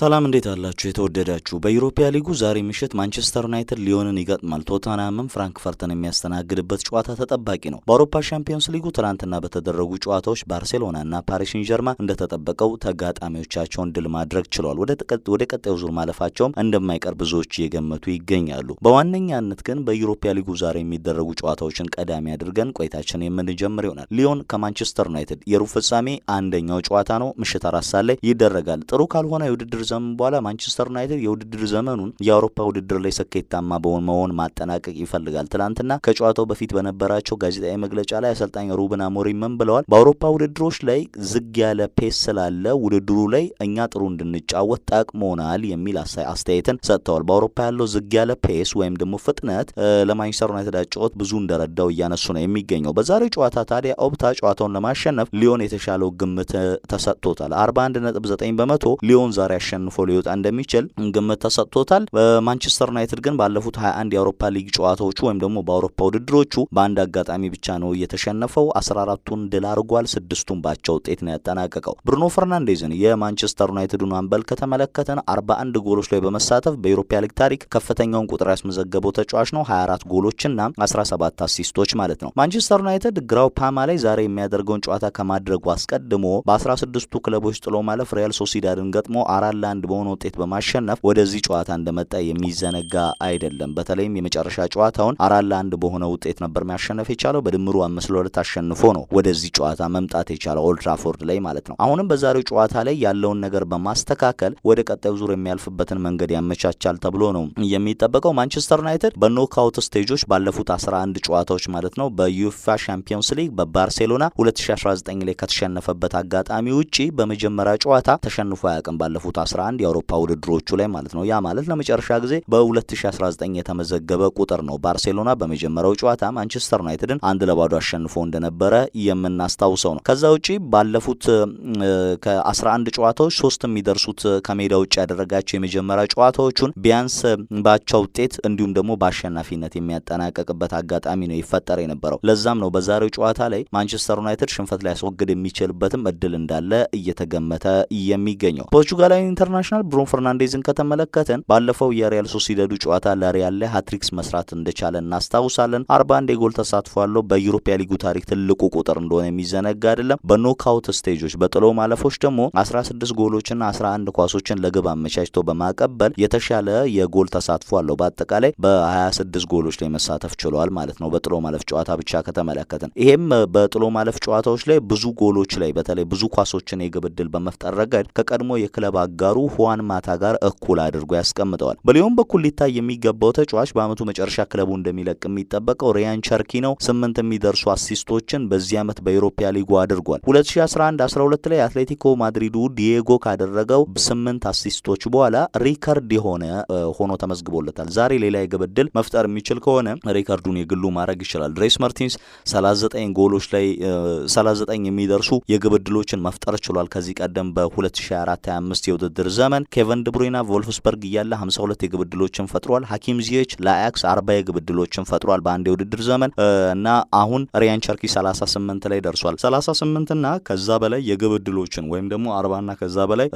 ሰላም እንዴት አላችሁ? የተወደዳችሁ በዩሮፒያ ሊጉ ዛሬ ምሽት ማንቸስተር ዩናይትድ ሊዮንን ይገጥማል። ቶተንሃምም ፍራንክፈርትን የሚያስተናግድበት ጨዋታ ተጠባቂ ነው። በአውሮፓ ሻምፒዮንስ ሊጉ ትናንትና በተደረጉ ጨዋታዎች ባርሴሎናና ፓሪስን ጀርማ እንደተጠበቀው ተጋጣሚዎቻቸውን ድል ማድረግ ችለዋል። ወደ ቀጣዩ ዙር ማለፋቸውም እንደማይቀር ብዙዎች እየገመቱ ይገኛሉ። በዋነኛነት ግን በዩሮፒያ ሊጉ ዛሬ የሚደረጉ ጨዋታዎችን ቀዳሚ አድርገን ቆይታችን የምንጀምር ይሆናል። ሊዮን ከማንቸስተር ዩናይትድ የሩብ ፍጻሜ አንደኛው ጨዋታ ነው። ምሽት አራት ሰዓት ላይ ይደረጋል። ጥሩ ካልሆነ የውድድር የውድድር ዘመን በኋላ ማንቸስተር ዩናይትድ የውድድር ዘመኑን የአውሮፓ ውድድር ላይ ስኬታማ በሆን መሆን ማጠናቀቅ ይፈልጋል። ትናንትና ከጨዋታው በፊት በነበራቸው ጋዜጣዊ መግለጫ ላይ አሰልጣኝ ሩበን አሞሪም ብለዋል? በአውሮፓ ውድድሮች ላይ ዝግ ያለ ፔስ ስላለ ውድድሩ ላይ እኛ ጥሩ እንድንጫወት ጠቅሞናል የሚል አስተያየትን ሰጥተዋል። በአውሮፓ ያለው ዝግ ያለ ፔስ ወይም ደግሞ ፍጥነት ለማንቸስተር ዩናይትድ አጨዋወት ብዙ እንደረዳው እያነሱ ነው የሚገኘው። በዛሬው ጨዋታ ታዲያ ኦፕታ ጨዋታውን ለማሸነፍ ሊዮን የተሻለው ግምት ተሰጥቶታል። 41.9 በመቶ ሊዮን ዛሬ አሸንፎ ሊወጣ እንደሚችል ግምት ተሰጥቶታል። በማንቸስተር ዩናይትድ ግን ባለፉት 21 የአውሮፓ ሊግ ጨዋታዎቹ ወይም ደግሞ በአውሮፓ ውድድሮቹ በአንድ አጋጣሚ ብቻ ነው እየተሸነፈው። 14ቱን ድል አድርጓል። ስድስቱን ባቻ ውጤት ነው ያጠናቀቀው። ብሩኖ ፈርናንዴዝን የማንቸስተር ዩናይትዱን አምበል ከተመለከተን 41 ጎሎች ላይ በመሳተፍ በኢሮፓ ሊግ ታሪክ ከፍተኛውን ቁጥር ያስመዘገበው ተጫዋች ነው። 24 ጎሎችና 17 አሲስቶች ማለት ነው። ማንቸስተር ዩናይትድ ግራው ፓማ ላይ ዛሬ የሚያደርገውን ጨዋታ ከማድረጉ አስቀድሞ በ16ቱ ክለቦች ጥሎ ማለፍ ሪያል ሶሲዳድን ገጥሞ አራት ለአንድ በሆነ ውጤት በማሸነፍ ወደዚህ ጨዋታ እንደመጣ የሚዘነጋ አይደለም። በተለይም የመጨረሻ ጨዋታውን አራት ለአንድ በሆነ ውጤት ነበር ማሸነፍ የቻለው። በድምሩ አምስት ለሁለት አሸንፎ ነው ወደዚህ ጨዋታ መምጣት የቻለው ኦልትራፎርድ ላይ ማለት ነው። አሁንም በዛሬው ጨዋታ ላይ ያለውን ነገር በማስተካከል ወደ ቀጣዩ ዙር የሚያልፍበትን መንገድ ያመቻቻል ተብሎ ነው የሚጠበቀው። ማንቸስተር ዩናይትድ በኖክአውት ስቴጆች ባለፉት 11 ጨዋታዎች ማለት ነው በዩፋ ሻምፒዮንስ ሊግ በባርሴሎና 2019 ላይ ከተሸነፈበት አጋጣሚ ውጪ በመጀመሪያ ጨዋታ ተሸንፎ አያውቅም ባለፉት 2011 የአውሮፓ ውድድሮቹ ላይ ማለት ነው። ያ ማለት ለመጨረሻ ጊዜ በ2019 የተመዘገበ ቁጥር ነው። ባርሴሎና በመጀመሪያው ጨዋታ ማንቸስተር ዩናይትድን አንድ ለባዶ አሸንፎ እንደነበረ የምናስታውሰው ነው። ከዛ ውጪ ባለፉት ከ11 ጨዋታዎች ሶስት የሚደርሱት ከሜዳ ውጭ ያደረጋቸው የመጀመሪያ ጨዋታዎቹን ቢያንስ ባቻ ውጤት እንዲሁም ደግሞ በአሸናፊነት የሚያጠናቀቅበት አጋጣሚ ነው ይፈጠር የነበረው። ለዛም ነው በዛሬው ጨዋታ ላይ ማንቸስተር ዩናይትድ ሽንፈት ሊያስወግድ የሚችልበትም እድል እንዳለ እየተገመተ የሚገኘው ፖርቹጋላዊ ኢንተርናሽናል ብሩኖ ፈርናንዴዝን ከተመለከትን ባለፈው የሪያል ሶሲዳዱ ጨዋታ ለሪያል ላይ ሀትሪክስ መስራት እንደቻለ እናስታውሳለን። አርባ አንድ የጎል ተሳትፎ አለው። በዩሮፓ ሊጉ ታሪክ ትልቁ ቁጥር እንደሆነ የሚዘነጋ አይደለም። በኖካውት ስቴጆች በጥሎ ማለፎች ደግሞ 16 ጎሎችና 11 ኳሶችን ለግብ አመቻችቶ በማቀበል የተሻለ የጎል ተሳትፎ አለው። በአጠቃላይ በ26 ጎሎች ላይ መሳተፍ ችሏል ማለት ነው። በጥሎ ማለፍ ጨዋታ ብቻ ከተመለከትን ይሄም በጥሎ ማለፍ ጨዋታዎች ላይ ብዙ ጎሎች ላይ በተለይ ብዙ ኳሶችን የግብ ዕድል በመፍጠር ረገድ ከቀድሞ የክለብ አጋ ከአጋሩ ሁዋን ማታ ጋር እኩል አድርጎ ያስቀምጠዋል። በሊዮን በኩል ሊታይ የሚገባው ተጫዋች በዓመቱ መጨረሻ ክለቡ እንደሚለቅ የሚጠበቀው ሪያን ቸርኪ ነው። ስምንት የሚደርሱ አሲስቶችን በዚህ ዓመት በኢሮፓ ሊጉ አድርጓል። 2011-12 ላይ አትሌቲኮ ማድሪዱ ዲየጎ ካደረገው ስምንት አሲስቶች በኋላ ሪከርድ የሆነ ሆኖ ተመዝግቦለታል። ዛሬ ሌላ የግብ ዕድል መፍጠር የሚችል ከሆነ ሪከርዱን የግሉ ማድረግ ይችላል። ድሬስ ማርቲንስ 39 ጎሎች ላይ 39 የሚደርሱ የግብ ዕድሎችን መፍጠር ችሏል። ከዚህ ቀደም በ2024/25 የውድድር የውድድር ዘመን ኬቨን ድብሩይና ቮልፍስበርግ እያለ 52 የግብ ዕድሎችን ፈጥሯል። ሀኪም ዚዮች ለአያክስ 40 የግብ ዕድሎችን ፈጥሯል በአንድ የውድድር ዘመን እና አሁን ሪያን ቸርኪ 38 ላይ ደርሷል። 38 እና ከዛ በላይ የግብ ዕድሎችን ወይም ደግሞ 40 ና ከዛ በላይ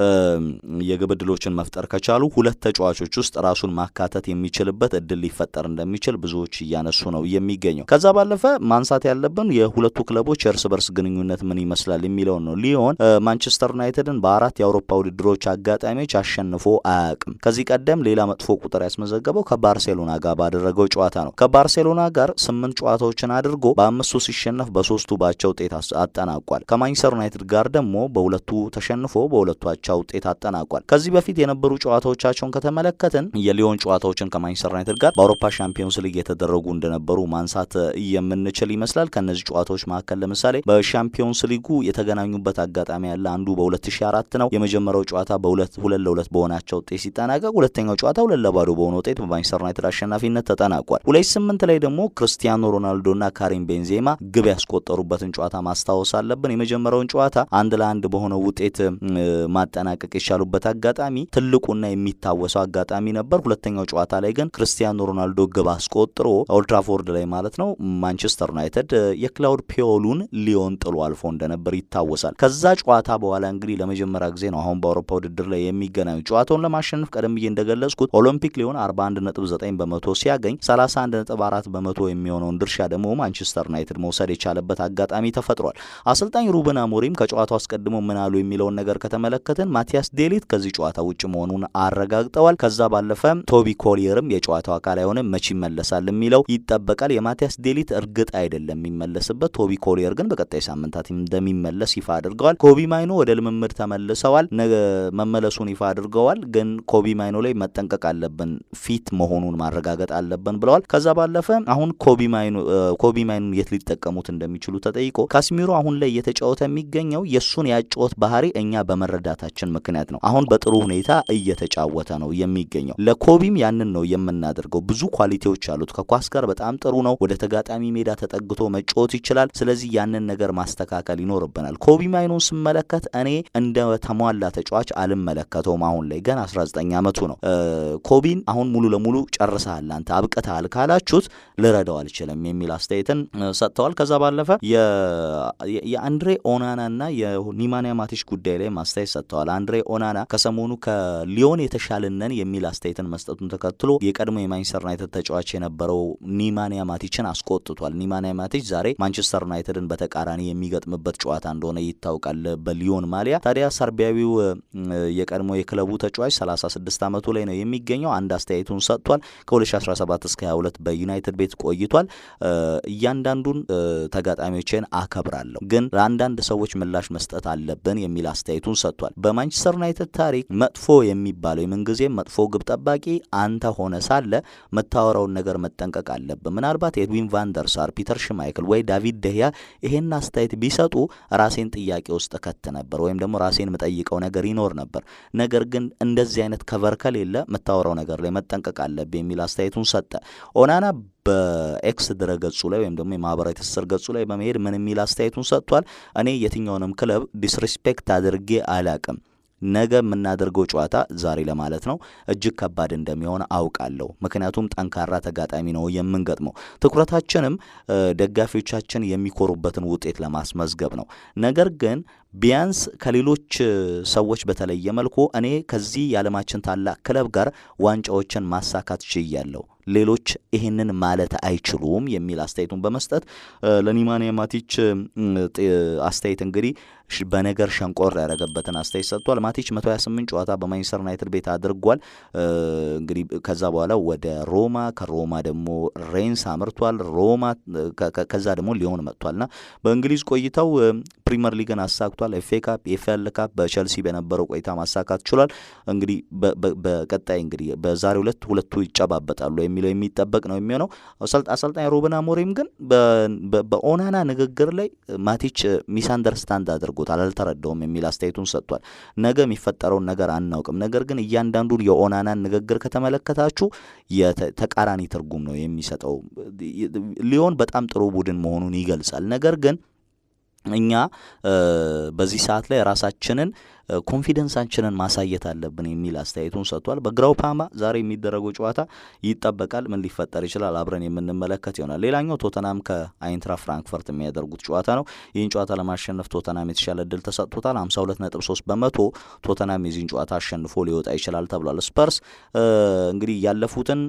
የግብ ዕድሎችን መፍጠር ከቻሉ ሁለት ተጫዋቾች ውስጥ ራሱን ማካተት የሚችልበት እድል ሊፈጠር እንደሚችል ብዙዎች እያነሱ ነው የሚገኘው። ከዛ ባለፈ ማንሳት ያለብን የሁለቱ ክለቦች እርስ በርስ ግንኙነት ምን ይመስላል የሚለውን ነው። ሊዮን ማንቸስተር ዩናይትድን በአራት የአውሮፓ ውድድሮች አጋ አጋጣሚዎች አሸንፎ አያውቅም። ከዚህ ቀደም ሌላ መጥፎ ቁጥር ያስመዘገበው ከባርሴሎና ጋር ባደረገው ጨዋታ ነው። ከባርሴሎና ጋር ስምንት ጨዋታዎችን አድርጎ በአምስቱ ሲሸነፍ በሶስቱ ባቻ ውጤት አጠናቋል። ከማንቸስተር ዩናይትድ ጋር ደግሞ በሁለቱ ተሸንፎ በሁለቱ አቻ ውጤት አጠናቋል። ከዚህ በፊት የነበሩ ጨዋታዎቻቸውን ከተመለከትን የሊዮን ጨዋታዎችን ከማንቸስተር ዩናይትድ ጋር በአውሮፓ ሻምፒዮንስ ሊግ የተደረጉ እንደነበሩ ማንሳት የምንችል ይመስላል። ከእነዚህ ጨዋታዎች መካከል ለምሳሌ በሻምፒዮንስ ሊጉ የተገናኙበት አጋጣሚ ያለ አንዱ በ2004 ነው። የመጀመሪያው ጨዋታ በ ሁለት ለሁለት በሆናቸው ውጤት ሲጠናቀቅ ሁለተኛው ጨዋታ ሁለት ለባዶ በሆነ ውጤት በማንቸስተር ዩናይትድ አሸናፊነት ተጠናቋል። ሁለት ስምንት ላይ ደግሞ ክርስቲያኖ ሮናልዶ እና ካሪም ቤንዜማ ግብ ያስቆጠሩበትን ጨዋታ ማስታወስ አለብን። የመጀመሪያውን ጨዋታ አንድ ለአንድ በሆነ ውጤት ማጠናቀቅ የቻሉበት አጋጣሚ ትልቁና የሚታወሰው አጋጣሚ ነበር። ሁለተኛው ጨዋታ ላይ ግን ክርስቲያኖ ሮናልዶ ግብ አስቆጥሮ ኦልትራፎርድ ላይ ማለት ነው ማንቸስተር ዩናይትድ የክላውድ ፒዮሉን ሊዮን ጥሎ አልፎ እንደነበር ይታወሳል። ከዛ ጨዋታ በኋላ እንግዲህ ለመጀመሪያ ጊዜ ነው አሁን በአውሮፓ ውድድር ውድድር ላይ የሚገናኙ ጨዋታውን ለማሸነፍ ቀደም ብዬ እንደገለጽኩት ኦሎምፒክ ሊሆን 41.9 በመቶ ሲያገኝ 31.4 በመቶ የሚሆነውን ድርሻ ደግሞ ማንቸስተር ዩናይትድ መውሰድ የቻለበት አጋጣሚ ተፈጥሯል። አሰልጣኝ ሩበን አሞሪም ከጨዋታው አስቀድሞ ምን አሉ የሚለውን ነገር ከተመለከትን ማቲያስ ዴሊት ከዚህ ጨዋታ ውጭ መሆኑን አረጋግጠዋል። ከዛ ባለፈ ቶቢ ኮሊየርም የጨዋታው አካል አይሆንም፣ መቺ ይመለሳል የሚለው ይጠበቃል። የማቲያስ ዴሊት እርግጥ አይደለም የሚመለስበት፣ ቶቢ ኮሊየር ግን በቀጣይ ሳምንታት እንደሚመለስ ይፋ አድርገዋል። ኮቢ ማይኖ ወደ ልምምድ ተመልሰዋል። መመለሱን ይፋ አድርገዋል። ግን ኮቢ ማይኖ ላይ መጠንቀቅ አለብን፣ ፊት መሆኑን ማረጋገጥ አለብን ብለዋል። ከዛ ባለፈ አሁን ኮቢ ማይኖ የት ሊጠቀሙት እንደሚችሉ ተጠይቆ ካስሚሮ አሁን ላይ እየተጫወተ የሚገኘው የእሱን ያጫወት ባህሪ እኛ በመረዳታችን ምክንያት ነው። አሁን በጥሩ ሁኔታ እየተጫወተ ነው የሚገኘው። ለኮቢም ያንን ነው የምናደርገው። ብዙ ኳሊቲዎች አሉት። ከኳስ ጋር በጣም ጥሩ ነው። ወደ ተጋጣሚ ሜዳ ተጠግቶ መጫወት ይችላል። ስለዚህ ያንን ነገር ማስተካከል ይኖርብናል። ኮቢ ማይኖን ስመለከት እኔ እንደ ተሟላ ተጫዋች አልም ስመለከተውም አሁን ላይ ገና 19 ዓመቱ ነው። ኮቢን አሁን ሙሉ ለሙሉ ጨርሰሃል አንተ አብቅተሃል ካላችሁት ልረዳው አልችልም የሚል አስተያየትን ሰጥተዋል። ከዛ ባለፈ የአንድሬ ኦናና እና የኒማንያ ማቲች ጉዳይ ላይ ማስተያየት ሰጥተዋል። አንድሬ ኦናና ከሰሞኑ ከሊዮን የተሻልነን የሚል አስተያየትን መስጠቱን ተከትሎ የቀድሞ የማንቸስተር ዩናይትድ ተጫዋች የነበረው ኒማንያ ማቲችን አስቆጥቷል። ኒማንያ ማቲች ዛሬ ማንቸስተር ዩናይትድን በተቃራኒ የሚገጥምበት ጨዋታ እንደሆነ ይታወቃል በሊዮን ማሊያ። ታዲያ ሰርቢያዊው የቀድሞ የክለቡ ተጫዋች 36 ዓመቱ ላይ ነው የሚገኘው። አንድ አስተያየቱን ሰጥቷል። ከ2017 እስከ 22 በዩናይትድ ቤት ቆይቷል። እያንዳንዱን ተጋጣሚዎችን አከብራለሁ፣ ግን ለአንዳንድ ሰዎች ምላሽ መስጠት አለብን የሚል አስተያየቱን ሰጥቷል። በማንቸስተር ዩናይትድ ታሪክ መጥፎ የሚባለው የምንጊዜ መጥፎ ግብ ጠባቂ አንተ ሆነ ሳለ መታወራውን ነገር መጠንቀቅ አለብን። ምናልባት ኤድዊን ቫንደርሳር፣ ፒተር ሽማይክል ወይ ዳቪድ ደህያ ይሄን አስተያየት ቢሰጡ ራሴን ጥያቄ ውስጥ ከት ነበር ወይም ደግሞ ራሴን የምጠይቀው ነገር ይኖር ነበር። ነገር ግን እንደዚህ አይነት ከቨር ከሌለ የምታወራው ነገር ላይ መጠንቀቅ አለብህ የሚል አስተያየቱን ሰጠ። ኦናና በኤክስ ድረገጹ ላይ ወይም ደግሞ የማህበራዊ ትስስር ገጹ ላይ በመሄድ ምን የሚል አስተያየቱን ሰጥቷል? እኔ የትኛውንም ክለብ ዲስሪስፔክት አድርጌ አላቅም ነገ የምናደርገው ጨዋታ ዛሬ ለማለት ነው እጅግ ከባድ እንደሚሆን አውቃለሁ። ምክንያቱም ጠንካራ ተጋጣሚ ነው የምንገጥመው። ትኩረታችንም ደጋፊዎቻችን የሚኮሩበትን ውጤት ለማስመዝገብ ነው። ነገር ግን ቢያንስ ከሌሎች ሰዎች በተለየ መልኩ እኔ ከዚህ የዓለማችን ታላቅ ክለብ ጋር ዋንጫዎችን ማሳካት ችያለሁ፣ ሌሎች ይህንን ማለት አይችሉም የሚል አስተያየቱን በመስጠት ለኒማንያ ማቲች አስተያየት እንግዲህ በነገር ሸንቆር ያደረገበትን አስተያየት ሰጥቷል። ማቲች 128 ጨዋታ በማንቸስተር ዩናይትድ ቤት አድርጓል። እንግዲህ ከዛ በኋላ ወደ ሮማ፣ ከሮማ ደግሞ ሬንስ አምርቷል። ሮማ ከዛ ደግሞ ሊሆን መጥቷልና በእንግሊዝ ቆይታው ፕሪምየር ሊግን አሳክቷል። ኤፌ ካፕ፣ ኤፍ ካፕ በቸልሲ በነበረው ቆይታ ማሳካት ችሏል። እንግዲህ በቀጣይ እንግዲህ በዛሬ ሁለት ሁለቱ ይጨባበጣሉ የሚለው የሚጠበቅ ነው የሚሆነው። አሰልጣኝ ሩበን አሞሪም ግን በኦናና ንግግር ላይ ማቲች ሚስ አንደርስታንድ አድርጓል ያደርጉታል አልተረዳውም የሚል አስተያየቱን ሰጥቷል። ነገ የሚፈጠረውን ነገር አናውቅም፣ ነገር ግን እያንዳንዱን የኦናናን ንግግር ከተመለከታችሁ የተቃራኒ ትርጉም ነው የሚሰጠው። ሊዮን በጣም ጥሩ ቡድን መሆኑን ይገልጻል። ነገር ግን እኛ በዚህ ሰዓት ላይ ራሳችንን ኮንፊደንሳችንን ማሳየት አለብን የሚል አስተያየቱን ሰጥቷል። በግራው ፓማ ዛሬ የሚደረገው ጨዋታ ይጠበቃል። ምን ሊፈጠር ይችላል አብረን የምንመለከት ይሆናል። ሌላኛው ቶተናም ከአይንትራ ፍራንክፈርት የሚያደርጉት ጨዋታ ነው። ይህን ጨዋታ ለማሸነፍ ቶተናም የተሻለ እድል ተሰጥቶታል። 52.3 በመቶ ቶተናም የዚህን ጨዋታ አሸንፎ ሊወጣ ይችላል ተብሏል። ስፐርስ እንግዲህ ያለፉትን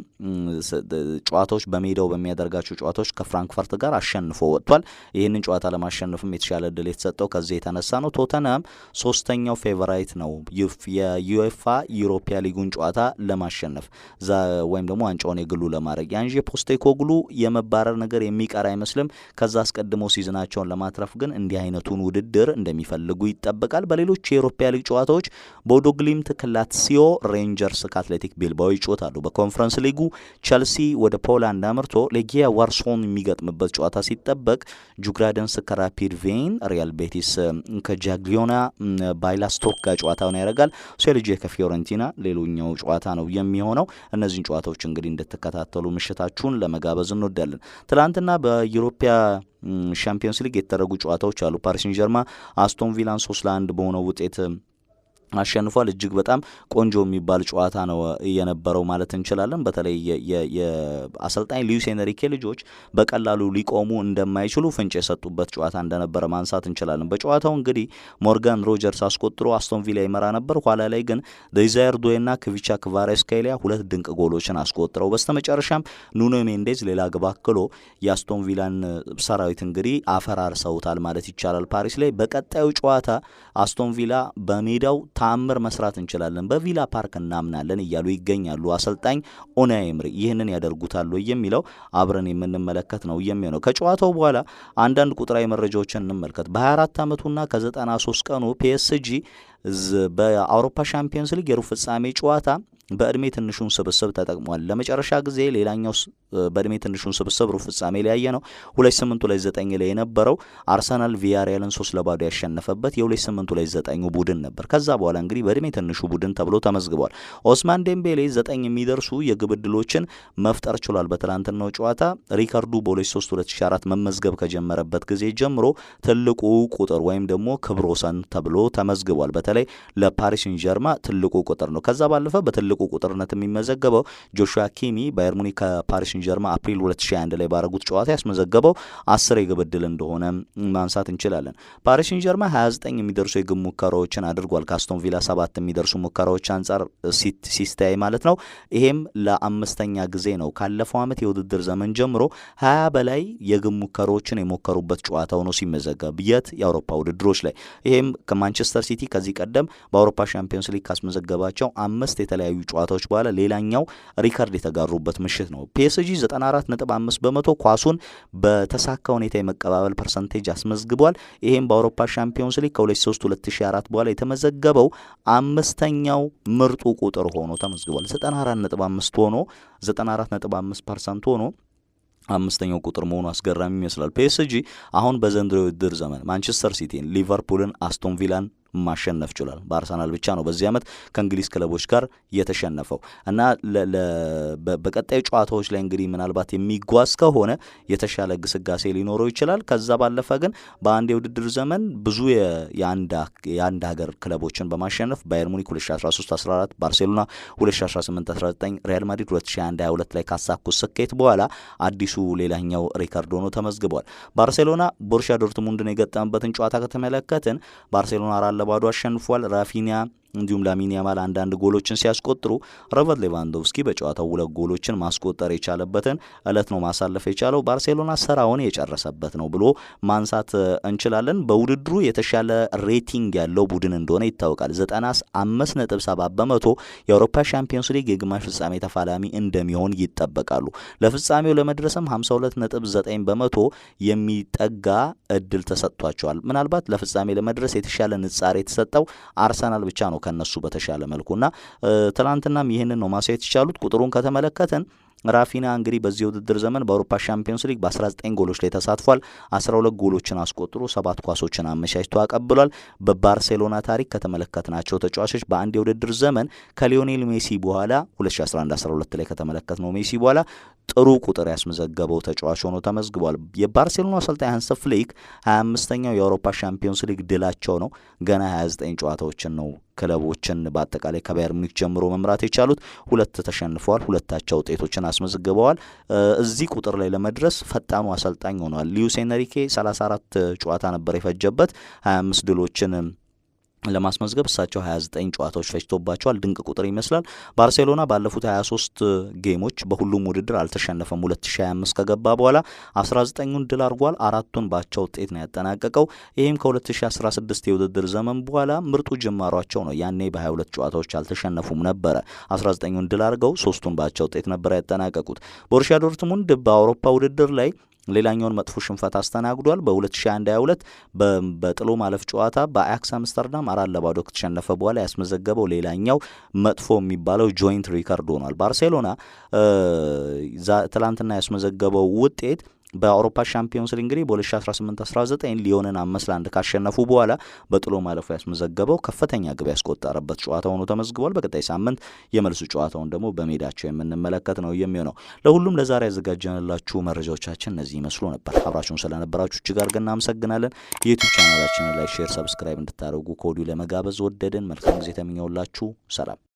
ጨዋታዎች በሜዳው በሚያደርጋቸው ጨዋታዎች ከፍራንክፈርት ጋር አሸንፎ ወጥቷል። ይህንን ጨዋታ ለማሸነፍም የተሻለ እድል የተሰጠው ከዚህ የተነሳ ነው። ቶተንሃም ሶስተኛው ፌቨራይት ነው የዩኤፋ ዩሮፒያ ሊጉን ጨዋታ ለማሸነፍ ወይም ደግሞ ዋንጫውን የግሉ ለማድረግ የአንዤ ፖስቴኮግሉ የመባረር ነገር የሚቀር አይመስልም። ከዛ አስቀድሞ ሲዝናቸውን ለማትረፍ ግን እንዲህ አይነቱን ውድድር እንደሚፈልጉ ይጠበቃል። በሌሎች የኤሮፓ ሊግ ጨዋታዎች ቦዶ ግሊምት ከላትሲዮ፣ ሬንጀርስ ከአትሌቲክ ቢልባዊ ይጮታሉ። በኮንፈረንስ ሊጉ ቸልሲ ወደ ፖላንድ አምርቶ ሌጊያ ዋርሶን የሚገጥምበት ጨዋታ ሲጠበቅ ጁግራደንስ ከራፒድ ቬን ስፔን ሪያል ቤቲስ ከጃግሊዮና ባይላስቶክ ጋር ጨዋታውን ያደርጋል። ሴልጄ ከፊዮረንቲና ሌሎኛው ጨዋታ ነው የሚሆነው። እነዚህን ጨዋታዎች እንግዲህ እንድትከታተሉ ምሽታችሁን ለመጋበዝ እንወዳለን። ትናንትና በዩሮፒያ ሻምፒዮንስ ሊግ የተደረጉ ጨዋታዎች አሉ። ፓሪስ ሴን ጀርማ አስቶን ቪላን ሶስት ለአንድ በሆነው ውጤት አሸንፏል። እጅግ በጣም ቆንጆ የሚባል ጨዋታ ነው የነበረው ማለት እንችላለን። በተለይ የአሰልጣኝ ሉዊስ ኤንሪኬ ልጆች በቀላሉ ሊቆሙ እንደማይችሉ ፍንጭ የሰጡበት ጨዋታ እንደነበረ ማንሳት እንችላለን። በጨዋታው እንግዲህ ሞርጋን ሮጀርስ አስቆጥሮ አስቶን ቪላ ይመራ ነበር። ኋላ ላይ ግን ዴዛይር ዱዌ ና ክቪቻ ክቫራትስኬሊያ ሁለት ድንቅ ጎሎችን አስቆጥረው በስተ መጨረሻም ኑኖ ሜንዴዝ ሌላ ግብ አክሎ የአስቶን ቪላን ሰራዊት እንግዲህ አፈራርሰውታል ማለት ይቻላል። ፓሪስ ላይ በቀጣዩ ጨዋታ አስቶን ቪላ በሜዳው ተአምር መስራት እንችላለን፣ በቪላ ፓርክ እናምናለን እያሉ ይገኛሉ። አሰልጣኝ ኡናይ ኤምሪ ይህንን ያደርጉታሉ የሚለው አብረን የምንመለከት ነው የሚሆነው። ከጨዋታው በኋላ አንዳንድ ቁጥራዊ መረጃዎችን እንመልከት። በ24 ዓመቱና ከ93 ቀኑ ፒኤስጂ በአውሮፓ ሻምፒየንስ ሊግ የሩብ ፍጻሜ ጨዋታ በእድሜ ትንሹን ስብስብ ተጠቅሟል። ለመጨረሻ ጊዜ ሌላኛው በእድሜ ትንሹን ስብስብ ሩብ ፍጻሜ ላይ ያየ ነው ሁለት ስምንቱ ላይ ዘጠኝ ላይ የነበረው አርሰናል ቪያሪያልን ሶስት ለባዶ ያሸነፈበት የሁለት ስምንቱ ላይ ዘጠኙ ቡድን ነበር። ከዛ በኋላ እንግዲህ በእድሜ ትንሹ ቡድን ተብሎ ተመዝግቧል። ኦስማን ዴምቤሌ ዘጠኝ የሚደርሱ የግብ ዕድሎችን መፍጠር ችሏል። በትናንትናው ጨዋታ ሪካርዱ በ2003 2004 መመዝገብ ከጀመረበት ጊዜ ጀምሮ ትልቁ ቁጥር ወይም ደግሞ ክብረ ወሰን ተብሎ ተመዝግቧል። በተለይ ለፓሪስ ሴን ጀርማ ትልቁ ቁጥር ነው። ከዛ ባለፈ በትልቁ ትልቁ ቁጥርነት የሚመዘገበው ጆሹዋ ኪሚ ባየር ሙኒክ ከፓሪስን ጀርማ አፕሪል 2021 ላይ ባረጉት ጨዋታ ያስመዘገበው አስር የግብ ዕድል እንደሆነ ማንሳት እንችላለን። ፓሪስን ጀርማ 29 የሚደርሱ የግብ ሙከራዎችን አድርጓል ከአስቶን ቪላ ሰባት የሚደርሱ ሙከራዎች አንጻር ሲስተያይ ማለት ነው። ይሄም ለአምስተኛ ጊዜ ነው። ካለፈው ዓመት የውድድር ዘመን ጀምሮ 20 በላይ የግብ ሙከራዎችን የሞከሩበት ጨዋታ ነው ሲመዘገብ የት የአውሮፓ ውድድሮች ላይ ይሄም ከማንቸስተር ሲቲ ከዚህ ቀደም በአውሮፓ ሻምፒዮንስ ሊግ ካስመዘገባቸው አምስት የተለያዩ ጨዋታዎች በኋላ ሌላኛው ሪከርድ የተጋሩበት ምሽት ነው። ፒኤስጂ 94.5 በመቶ ኳሱን በተሳካ ሁኔታ የመቀባበል ፐርሰንቴጅ አስመዝግቧል። ይህም በአውሮፓ ሻምፒዮንስ ሊግ ከ2003 2004 በኋላ የተመዘገበው አምስተኛው ምርጡ ቁጥር ሆኖ ተመዝግቧል። 94.5 ሆኖ 94.5 ፐርሰንት ሆኖ አምስተኛው ቁጥር መሆኑ አስገራሚ ይመስላል። ፒኤስጂ አሁን በዘንድሮ ውድድር ዘመን ማንቸስተር ሲቲን፣ ሊቨርፑልን፣ አስቶን ቪላን ማሸነፍ ችሏል። በአርሰናል ብቻ ነው በዚህ ዓመት ከእንግሊዝ ክለቦች ጋር የተሸነፈው እና በቀጣይ ጨዋታዎች ላይ እንግዲህ ምናልባት የሚጓዝ ከሆነ የተሻለ ግስጋሴ ሊኖረው ይችላል። ከዛ ባለፈ ግን በአንድ የውድድር ዘመን ብዙ የአንድ ሀገር ክለቦችን በማሸነፍ ባየር ሙኒክ 201314 ባርሴሎና 19 ሪያል ማድሪድ 2122 ላይ ካሳኩ ስኬት በኋላ አዲሱ ሌላኛው ሪከርድ ሆኖ ተመዝግቧል። ባርሴሎና ቦርሻ ዶርትሙንድን የገጠመበትን ጨዋታ ከተመለከትን ባርሴሎና አራት ባዶ አሸንፏል። ራፊኒያ እንዲሁም ላሚን ያማል አንዳንድ ጎሎችን ሲያስቆጥሩ ሮበርት ሌቫንዶቭስኪ በጨዋታው ሁለት ጎሎችን ማስቆጠር የቻለበትን እለት ነው ማሳለፍ የቻለው። ባርሴሎና ስራውን የጨረሰበት ነው ብሎ ማንሳት እንችላለን። በውድድሩ የተሻለ ሬቲንግ ያለው ቡድን እንደሆነ ይታወቃል። 95.7 በመቶ የአውሮፓ ሻምፒዮንስ ሊግ የግማሽ ፍጻሜ ተፋላሚ እንደሚሆን ይጠበቃሉ። ለፍጻሜው ለመድረስም 52.9 በመቶ የሚጠጋ እድል ተሰጥቷቸዋል። ምናልባት ለፍጻሜ ለመድረስ የተሻለ ንጻሬ የተሰጠው አርሰናል ብቻ ነው። ነው ከነሱ በተሻለ መልኩና ትላንትናም ይህንን ነው ማሳየት ይቻሉት ቁጥሩን ከተመለከትን ራፊና እንግዲህ በዚህ የውድድር ዘመን በአውሮፓ ሻምፒዮንስ ሊግ በ19 ጎሎች ላይ ተሳትፏል። 12 ጎሎችን አስቆጥሮ ሰባት ኳሶችን አመቻችቶ አቀብሏል። በባርሴሎና ታሪክ ከተመለከትናቸው ተጫዋቾች በአንድ የውድድር ዘመን ከሊዮኔል ሜሲ በኋላ 2011-12 ላይ ከተመለከትነው ሜሲ በኋላ ጥሩ ቁጥር ያስመዘገበው ተጫዋች ሆኖ ተመዝግቧል። የባርሴሎና አሰልጣኝ ሃንስ ፍሊክ 25ኛው የአውሮፓ ሻምፒዮንስ ሊግ ድላቸው ነው። ገና 29 ጨዋታዎችን ነው ክለቦችን በአጠቃላይ ከባየር ሙኒክ ጀምሮ መምራት የቻሉት። ሁለት ተሸንፈዋል፣ ሁለታቸው ውጤቶችን አስመዝግበዋል። እዚህ ቁጥር ላይ ለመድረስ ፈጣኑ አሰልጣኝ ሆኗል። ሊዩስ ኤንሪኬ 34 ጨዋታ ነበር የፈጀበት 25 ድሎችን ለማስመዝገብ እሳቸው 29 ጨዋታዎች ፈጅቶባቸዋል። ድንቅ ቁጥር ይመስላል። ባርሴሎና ባለፉት 23 ጌሞች በሁሉም ውድድር አልተሸነፈም። 2025 ከገባ በኋላ 19ኙን ድል አድርጓል። አራቱን ባቻ ውጤት ነው ያጠናቀቀው። ይህም ከ2016 የውድድር ዘመን በኋላ ምርጡ ጅማሯቸው ነው። ያኔ በ22 ጨዋታዎች አልተሸነፉም ነበረ። 19ኙን ድል አድርገው ሶስቱን ባቻ ውጤት ነበር ያጠናቀቁት። ቦሩሲያ ዶርትሙንድ በአውሮፓ ውድድር ላይ ሌላኛውን መጥፎ ሽንፈት አስተናግዷል። በ2022 በጥሎ ማለፍ ጨዋታ በአያክስ አምስተርዳም አራት ለባዶ ከተሸነፈ በኋላ ያስመዘገበው ሌላኛው መጥፎ የሚባለው ጆይንት ሪከርድ ሆኗል። ባርሴሎና ትላንትና ያስመዘገበው ውጤት በአውሮፓ ሻምፒዮንስ ሊግ እንግዲህ በ201819 2018 ሊዮንን አምስት ለአንድ ካሸነፉ በኋላ በጥሎ ማለፉ ያስመዘገበው ከፍተኛ ግብ ያስቆጠረበት ጨዋታ ሆኖ ተመዝግቧል። በቀጣይ ሳምንት የመልሱ ጨዋታውን ደግሞ በሜዳቸው የምንመለከት ነው የሚሆነው። ለሁሉም ለዛሬ ያዘጋጀንላችሁ መረጃዎቻችን እነዚህ ይመስሉ ነበር። አብራችሁን ስለነበራችሁ እጅግ አድርገን እናመሰግናለን። የዩቱብ ቻናላችንን ላይ ሼር፣ ሰብስክራይብ እንድታደርጉ ከወዲሁ ለመጋበዝ ወደድን። መልካም ጊዜ ተመኘውላችሁ። ሰላም